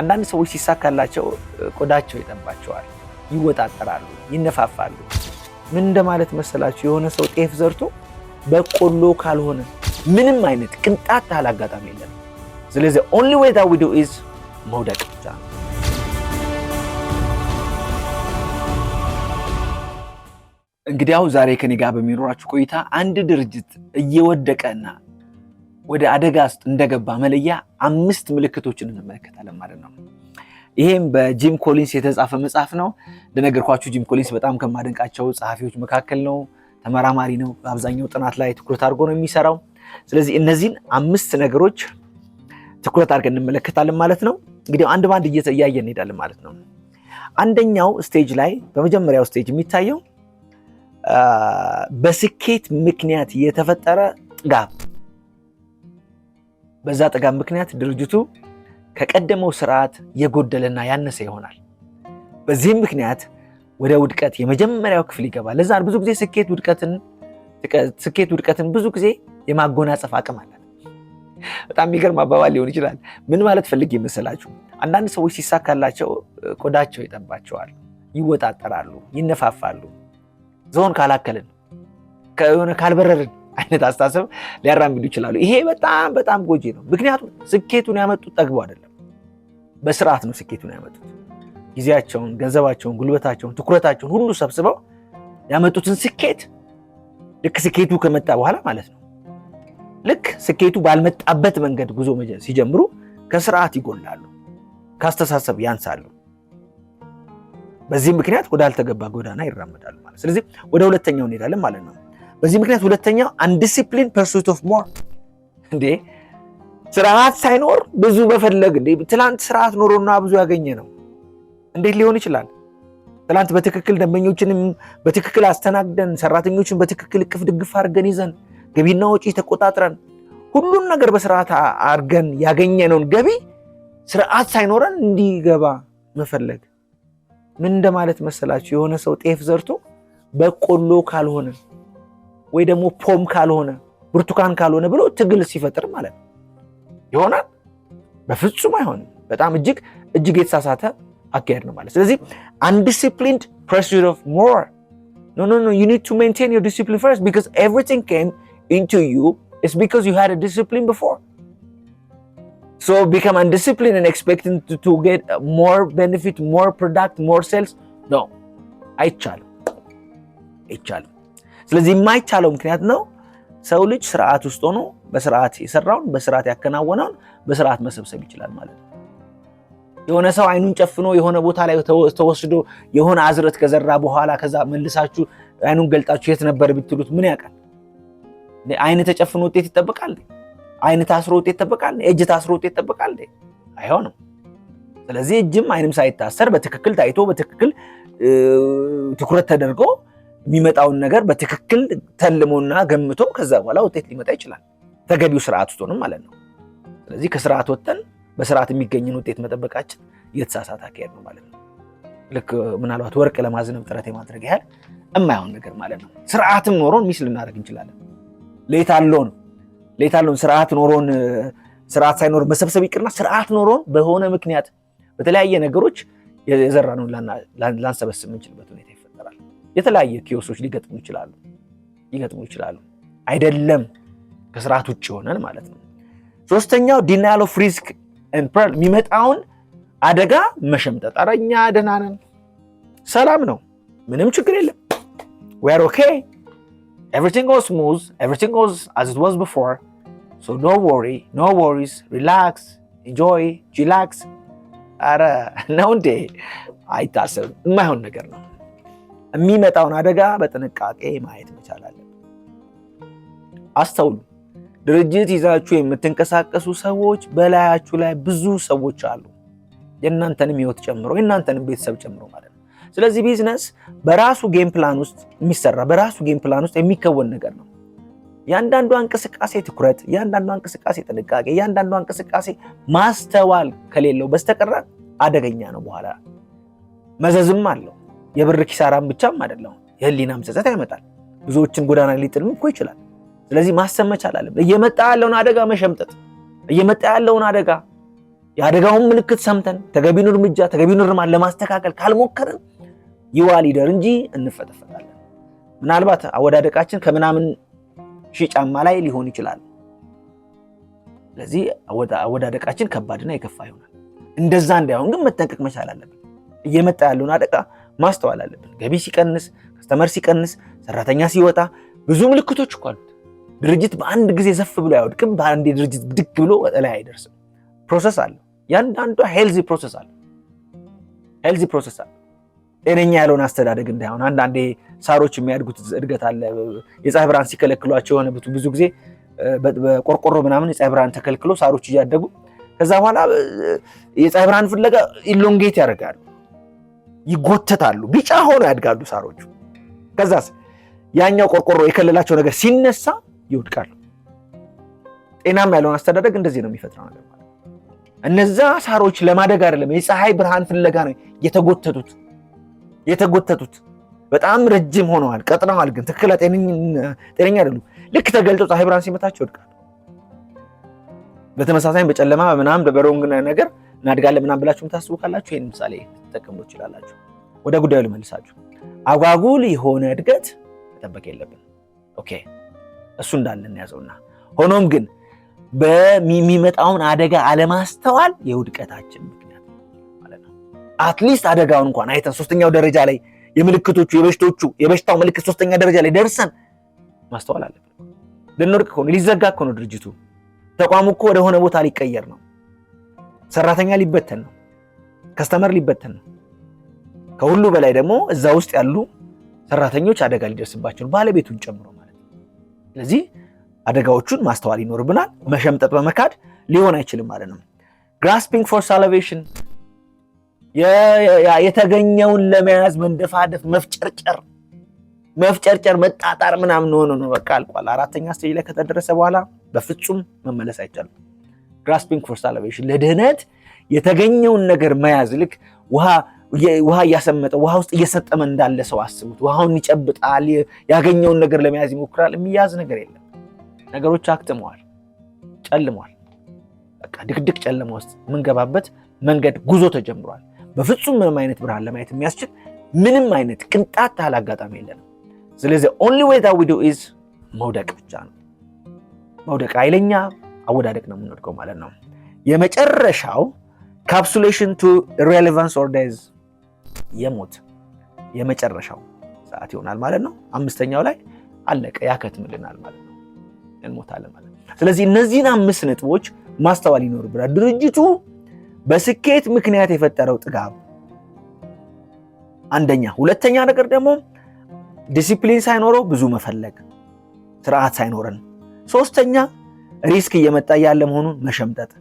አንዳንድ ሰዎች ሲሳካላቸው ቆዳቸው ይጠባቸዋል፣ ይወጣጠራሉ፣ ይነፋፋሉ። ምን እንደማለት መሰላችሁ? የሆነ ሰው ጤፍ ዘርቶ በቆሎ ካልሆነ ምንም አይነት ቅንጣት ታህል አጋጣሚ የለም። ስለዚህ ኦንሊ ዌይ ዛት ዊ ዱ ኢዝ መውደቅ ብቻ ነው። እንግዲያው ዛሬ ከኔ ጋር በሚኖራችሁ ቆይታ አንድ ድርጅት እየወደቀና ወደ አደጋ ውስጥ እንደገባ መለያ አምስት ምልክቶችን እንመለከታለን ማለት ነው። ይህም በጂም ኮሊንስ የተጻፈ መጽሐፍ ነው። እንደነገርኳችሁ ጂም ኮሊንስ በጣም ከማደንቃቸው ጸሐፊዎች መካከል ነው። ተመራማሪ ነው። በአብዛኛው ጥናት ላይ ትኩረት አድርጎ ነው የሚሰራው። ስለዚህ እነዚህን አምስት ነገሮች ትኩረት አድርገን እንመለከታለን ማለት ነው። እንግዲህ አንድ በአንድ እያየን እንሄዳለን ማለት ነው። አንደኛው ስቴጅ ላይ በመጀመሪያው ስቴጅ የሚታየው በስኬት ምክንያት የተፈጠረ ጥጋብ በዛ ጥጋብ ምክንያት ድርጅቱ ከቀደመው ስርዓት የጎደለና ያነሰ ይሆናል። በዚህም ምክንያት ወደ ውድቀት የመጀመሪያው ክፍል ይገባል። ለዛ ብዙ ጊዜ ስኬት ውድቀትን ብዙ ጊዜ የማጎናጸፍ አቅም አለ። በጣም የሚገርም አባባል ሊሆን ይችላል። ምን ማለት ፈልግ ይመስላችሁ? አንዳንድ ሰዎች ሲሳካላቸው ቆዳቸው ይጠባቸዋል፣ ይወጣጠራሉ፣ ይነፋፋሉ። ዞን ካላከልን ከሆነ ካልበረርን አይነት አስተሳሰብ ሊያራምዱ ይችላሉ። ይሄ በጣም በጣም ጎጂ ነው። ምክንያቱም ስኬቱን ያመጡት ጠግቦ አይደለም፣ በስርዓት ነው ስኬቱን ያመጡት። ጊዜያቸውን፣ ገንዘባቸውን፣ ጉልበታቸውን፣ ትኩረታቸውን ሁሉ ሰብስበው ያመጡትን ስኬት ልክ ስኬቱ ከመጣ በኋላ ማለት ነው ልክ ስኬቱ ባልመጣበት መንገድ ጉዞ ሲጀምሩ ከስርዓት ይጎላሉ፣ ከአስተሳሰብ ያንሳሉ። በዚህም ምክንያት ወዳልተገባ ጎዳና ይራመዳሉ ማለት ስለዚህ ወደ ሁለተኛው እንሄዳለን ማለት ነው። በዚህ ምክንያት ሁለተኛው አንዲሲፕሊን ፐርሱት ኦፍ ሞር እንዴ ስርዓት ሳይኖር ብዙ መፈለግ እንዴ ትላንት ስርዓት ኖሮና ብዙ ያገኘ ነው እንዴት ሊሆን ይችላል? ትላንት በትክክል ደንበኞችንም በትክክል አስተናግደን ሰራተኞችን በትክክል እቅፍ ድግፍ አድርገን ይዘን ገቢና ወጪ ተቆጣጥረን ሁሉን ነገር በስርዓት አድርገን ያገኘነውን ገቢ ስርዓት ሳይኖረን እንዲገባ መፈለግ ምን እንደማለት መሰላችሁ? የሆነ ሰው ጤፍ ዘርቶ በቆሎ ካልሆነ ወይ ደግሞ ፖም ካልሆነ ብርቱካን ካልሆነ ብሎ ትግል ሲፈጥር ማለት ነው። ይሆናል? በፍጹም አይሆንም። በጣም እጅግ እጅግ የተሳሳተ አካሄድ ነው ማለት። ስለዚህ አንዲሲፕሊንድ ፐርሱት ኦፍ ሞር ኖ ኖ ኖ ዩ ኒድ ቱ ሜንቴን ዮር ዲሲፕሊን ፈርስት ቢካዝ ኤቭሪቲንግ ኬም ኢንቱ ዩ ቢካዝ ዩ ሃድ ዲሲፕሊን ቢፎር ሶ ቢካም አንዲሲፕሊን ኤንድ ኤክስፔክቲንግ ቱ ጌት ሞር ቤኔፊት ሞር ፕሮዳክት ሞር ሴልስ ኖ አይቻልም፣ አይቻልም። ስለዚህ የማይቻለው ምክንያት ነው ሰው ልጅ ስርዓት ውስጥ ሆኖ በስርዓት የሰራውን በስርዓት ያከናወነውን በስርዓት መሰብሰብ ይችላል ማለት ነው። የሆነ ሰው አይኑን ጨፍኖ የሆነ ቦታ ላይ ተወስዶ የሆነ አዝረት ከዘራ በኋላ ከዛ መልሳችሁ አይኑን ገልጣችሁ የት ነበር ብትሉት ምን ያውቃል? አይን ተጨፍኖ ውጤት ይጠበቃል? አይን ታስሮ ውጤት ይጠበቃል? እጅ ታስሮ ውጤት ይጠበቃል? አይሆንም። ስለዚህ እጅም አይንም ሳይታሰር በትክክል ታይቶ በትክክል ትኩረት ተደርጎ የሚመጣውን ነገር በትክክል ተልሞና ገምቶ ከዛ በኋላ ውጤት ሊመጣ ይችላል፣ ተገቢው ስርዓት ውስጥ ሆኖም ማለት ነው። ስለዚህ ከስርዓት ወጥተን በስርዓት የሚገኝን ውጤት መጠበቃችን እየተሳሳተ አካሄድ ነው ማለት ነው። ልክ ምናልባት ወርቅ ለማዝነብ ጥረት የማድረግ ያህል እማይሆን ነገር ማለት ነው። ስርዓትም ኖሮን ሚስ ልናደርግ እንችላለን። ሌታሎን ሌታሎን ስርዓት ኖሮን ስርዓት ሳይኖር መሰብሰብ ይቅርና ስርዓት ኖሮን በሆነ ምክንያት በተለያየ ነገሮች የዘራነውን ላንሰበስብ የምንችልበት ሁኔታ የተለያየ ኪዮሶች ሊገጥሙ ይችላሉ ሊገጥሙ ይችላሉ። አይደለም ከስርዓት ውጭ ሆነን ማለት ነው። ሶስተኛው ዲናይል ፍሪስክ ሪስክ የሚመጣውን አደጋ መሸምጠጥ። አረኛ ደናነን ሰላም ነው፣ ምንም ችግር የለም፣ ዌር ኦኬ ኤቭሪቲንግ ዋዝ ስሙዝ ኤቭሪቲንግ ዋዝ አዝ ኢት ዋዝ ቢፎር ሶ ኖ ወሪ ኖ ወሪስ ሪላክስ ኢንጆይ ጂላክስ። አረ ነው እንዴ? አይታሰብም። የማይሆን ነገር ነው። የሚመጣውን አደጋ በጥንቃቄ ማየት መቻል አስተውሉ። ድርጅት ይዛችሁ የምትንቀሳቀሱ ሰዎች በላያችሁ ላይ ብዙ ሰዎች አሉ፣ የእናንተንም ህይወት ጨምሮ የእናንተንም ቤተሰብ ጨምሮ ማለት ነው። ስለዚህ ቢዝነስ በራሱ ጌም ፕላን ውስጥ የሚሰራ በራሱ ጌም ፕላን ውስጥ የሚከወን ነገር ነው። ያንዳንዷ እንቅስቃሴ ትኩረት፣ ያንዳንዷ እንቅስቃሴ ጥንቃቄ፣ ያንዳንዷ እንቅስቃሴ ማስተዋል ከሌለው በስተቀር አደገኛ ነው። በኋላ መዘዝም አለው። የብር ኪሳራም ብቻም አይደለም፣ የህሊናም ጸጸት ያመጣል። ብዙዎችን ጎዳና ሊጥልም እኮ ይችላል። ስለዚህ ማሰብ መቻል አለብን። እየመጣ ያለውን አደጋ መሸምጠጥ፣ እየመጣ ያለውን አደጋ የአደጋውን ምልክት ሰምተን ተገቢውን እርምጃ ተገቢውን እርማን ለማስተካከል ካልሞከርን ይዋ ሊደር እንጂ እንፈጠፈጣለን። ምናልባት አወዳደቃችን ከምናምን ሺህ ጫማ ላይ ሊሆን ይችላል። ስለዚህ አወዳደቃችን ከባድና የከፋ ይሆናል። እንደዛ እንዳይሆን ግን መጠንቀቅ መቻል አለብን። እየመጣ ያለውን አደጋ ማስተዋል አለብን። ገቢ ሲቀንስ፣ ከስተመር ሲቀንስ፣ ሰራተኛ ሲወጣ ብዙ ምልክቶች እኮ አሉት። ድርጅት በአንድ ጊዜ ዘፍ ብሎ አይወድቅም። በአንድ ድርጅት ብድግ ብሎ ላይ አይደርስም። ፕሮሰስ አለው። ያንዳንዱ ሄልዚ ፕሮሰስ አለ። ሄልዚ ፕሮሰስ አለ። ጤነኛ ያለውን አስተዳደግ እንዳይሆን አንዳንዴ ሳሮች የሚያድጉት እድገት አለ። የፀሐይ ብርሃን ሲከለክሏቸው የሆነ ብዙ ጊዜ በቆርቆሮ ምናምን የፀሐይ ብርሃን ተከልክሎ ሳሮች እያደጉ ከዛ በኋላ የፀሐይ ብርሃን ፍለጋ ኢሎንጌት ያደርጋሉ። ይጎተታሉ፣ ቢጫ ሆኖ ያድጋሉ ሳሮቹ። ከዛስ ያኛው ቆርቆሮ የከለላቸው ነገር ሲነሳ ይወድቃሉ። ጤናማ ያለውን አስተዳደግ እንደዚህ ነው የሚፈጥረው ነገር ማለት እነዛ ሳሮች ለማደግ አይደለም የፀሐይ ብርሃን ፍለጋ ነው የተጎተቱት የተጎተቱት በጣም ረጅም ሆነዋል፣ ቀጥነዋል፣ ግን ትክክል ጤነኛ አይደሉ። ልክ ተገልጦ ፀሐይ ብርሃን ሲመታቸው ይወድቃሉ። በተመሳሳይ በጨለማ ምናምን በሮንግ ነገር እናድጋለን ምናምን ብላችሁ ታስቡ ካላችሁ ይህን ምሳሌ ልትጠቀሙ ትችላላችሁ። ወደ ጉዳዩ ልመልሳችሁ። አጓጉል የሆነ እድገት መጠበቅ የለብን። ኦኬ፣ እሱ እንዳለ እናያዘውና ሆኖም ግን በሚመጣውን አደጋ አለማስተዋል የውድቀታችን ምክንያት ማለት ነው። አትሊስት አደጋውን እንኳን አይተን ሶስተኛው ደረጃ ላይ የምልክቶቹ የበሽቶቹ የበሽታው ምልክት ሶስተኛ ደረጃ ላይ ደርሰን ማስተዋል አለብን። ልንወድቅ ከሆነ ሊዘጋ ከሆነ ድርጅቱ ተቋሙ እኮ ወደሆነ ቦታ ሊቀየር ነው። ሰራተኛ ሊበተን ነው። ከስተመር ሊበተን ነው። ከሁሉ በላይ ደግሞ እዛ ውስጥ ያሉ ሰራተኞች አደጋ ሊደርስባቸው ባለቤቱን ጨምሮ ማለት ነው። ስለዚህ አደጋዎቹን ማስተዋል ይኖርብናል። መሸምጠጥ በመካድ ሊሆን አይችልም ማለት ነው። ግራስፒንግ ፎር ሳልቬሽን የተገኘውን ለመያዝ መንደፋደፍ፣ መፍጨርጨር መፍጨርጨር መጣጣር ምናምን ሆኖ ነው በቃ አልቋል። አራተኛ ስቴጅ ላይ ከተደረሰ በኋላ በፍጹም መመለስ አይቻልም። ግራስፒንግ ፎር ሳልቬሽን ለድህነት የተገኘውን ነገር መያዝ ልክ ውሃ እያሰመጠ ውሃ ውስጥ እየሰጠመ እንዳለ ሰው አስቡት። ውሃውን ይጨብጣል፣ ያገኘውን ነገር ለመያዝ ይሞክራል። የሚያዝ ነገር የለም። ነገሮች አክትመዋል፣ ጨልመዋል። በቃ ድቅድቅ ጨለማ ውስጥ የምንገባበት መንገድ ጉዞ ተጀምሯል። በፍጹም ምንም አይነት ብርሃን ለማየት የሚያስችል ምንም አይነት ቅንጣት ታህል አጋጣሚ የለንም። ስለዚህ ኦንሊ ዌይ ዛት ዊ ዱ ኢዝ መውደቅ ብቻ ነው። መውደቅ ኃይለኛ አወዳደቅ ነው የምንወድቀው ማለት ነው። የመጨረሻው ካፕሱሌሽን ቱ ሬሌቫንስ ኦር ዴዝ የሞት የመጨረሻው ሰዓት ይሆናል ማለት ነው። አምስተኛው ላይ አለቀ ያከትምልናል ማለት ነው። እንሞታለን ማለት ነው። ስለዚህ እነዚህን አምስት ነጥቦች ማስተዋል ይኖርብናል። ድርጅቱ በስኬት ምክንያት የፈጠረው ጥጋብ አንደኛ። ሁለተኛ ነገር ደግሞ ዲሲፕሊን ሳይኖረው ብዙ መፈለግ፣ ስርዓት ሳይኖረን። ሶስተኛ ሪስክ እየመጣ ያለ መሆኑን መሸምጠጥ፣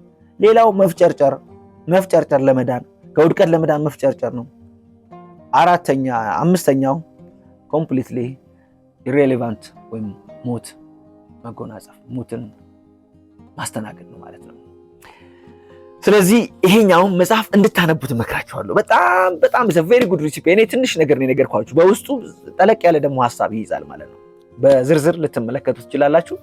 ሌላው መፍጨርጨር መፍጨርጨር ለመዳን ከውድቀት ለመዳን መፍጨርጨር ነው። አራተኛ አምስተኛው ኮምፕሊትሊ ኢሬሌቫንት ወይም ሞት መጎናጸፍ ሞትን ማስተናገድ ነው ማለት ነው። ስለዚህ ይሄኛውን መጽሐፍ እንድታነቡት መክራችኋለሁ። በጣም በጣም ቬሪ ጉድ ሪሲፒ። እኔ ትንሽ ነገር ነው ነገርኳችሁ፣ በውስጡ ጠለቅ ያለ ደግሞ ሀሳብ ይይዛል ማለት ነው። በዝርዝር ልትመለከቱ ትችላላችሁ።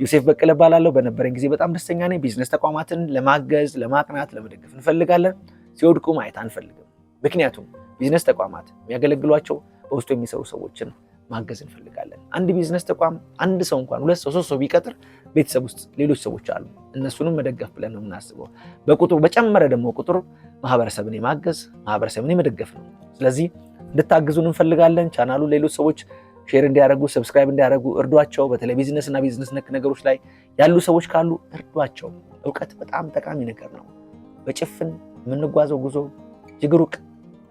ዮሴፍ በቀለ እባላለሁ። በነበረኝ ጊዜ በጣም ደስተኛ ነኝ። ቢዝነስ ተቋማትን ለማገዝ፣ ለማቅናት፣ ለመደገፍ እንፈልጋለን። ሲወድቁ ማየት አንፈልግም። ምክንያቱም ቢዝነስ ተቋማት የሚያገለግሏቸው በውስጡ የሚሰሩ ሰዎችን ማገዝ እንፈልጋለን። አንድ ቢዝነስ ተቋም አንድ ሰው እንኳን ሁለት ሰው ሶስት ሰው ቢቀጥር ቤተሰብ ውስጥ ሌሎች ሰዎች አሉ። እነሱንም መደገፍ ብለን ነው የምናስበው። በቁጥሩ በጨመረ ደግሞ ቁጥር ማህበረሰብን የማገዝ ማህበረሰብን የመደገፍ ነው። ስለዚህ እንድታግዙን እንፈልጋለን። ቻናሉ ሌሎች ሰዎች ሼር እንዲያደርጉ ሰብስክራይብ እንዲያደርጉ እርዷቸው። በተለይ ቢዝነስ እና ቢዝነስ ነክ ነገሮች ላይ ያሉ ሰዎች ካሉ እርዷቸው። እውቀት በጣም ጠቃሚ ነገር ነው። በጭፍን የምንጓዘው ጉዞ እጅግ ሩቅ፣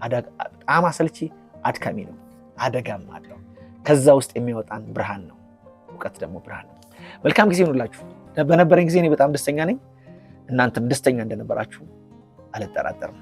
በጣም አሰልቺ፣ አድካሚ ነው። አደጋም አለው። ከዛ ውስጥ የሚወጣን ብርሃን ነው። እውቀት ደግሞ ብርሃን ነው። መልካም ጊዜ ይሁንላችሁ። በነበረኝ ጊዜ እኔ በጣም ደስተኛ ነኝ። እናንተም ደስተኛ እንደነበራችሁ አልጠራጠርም።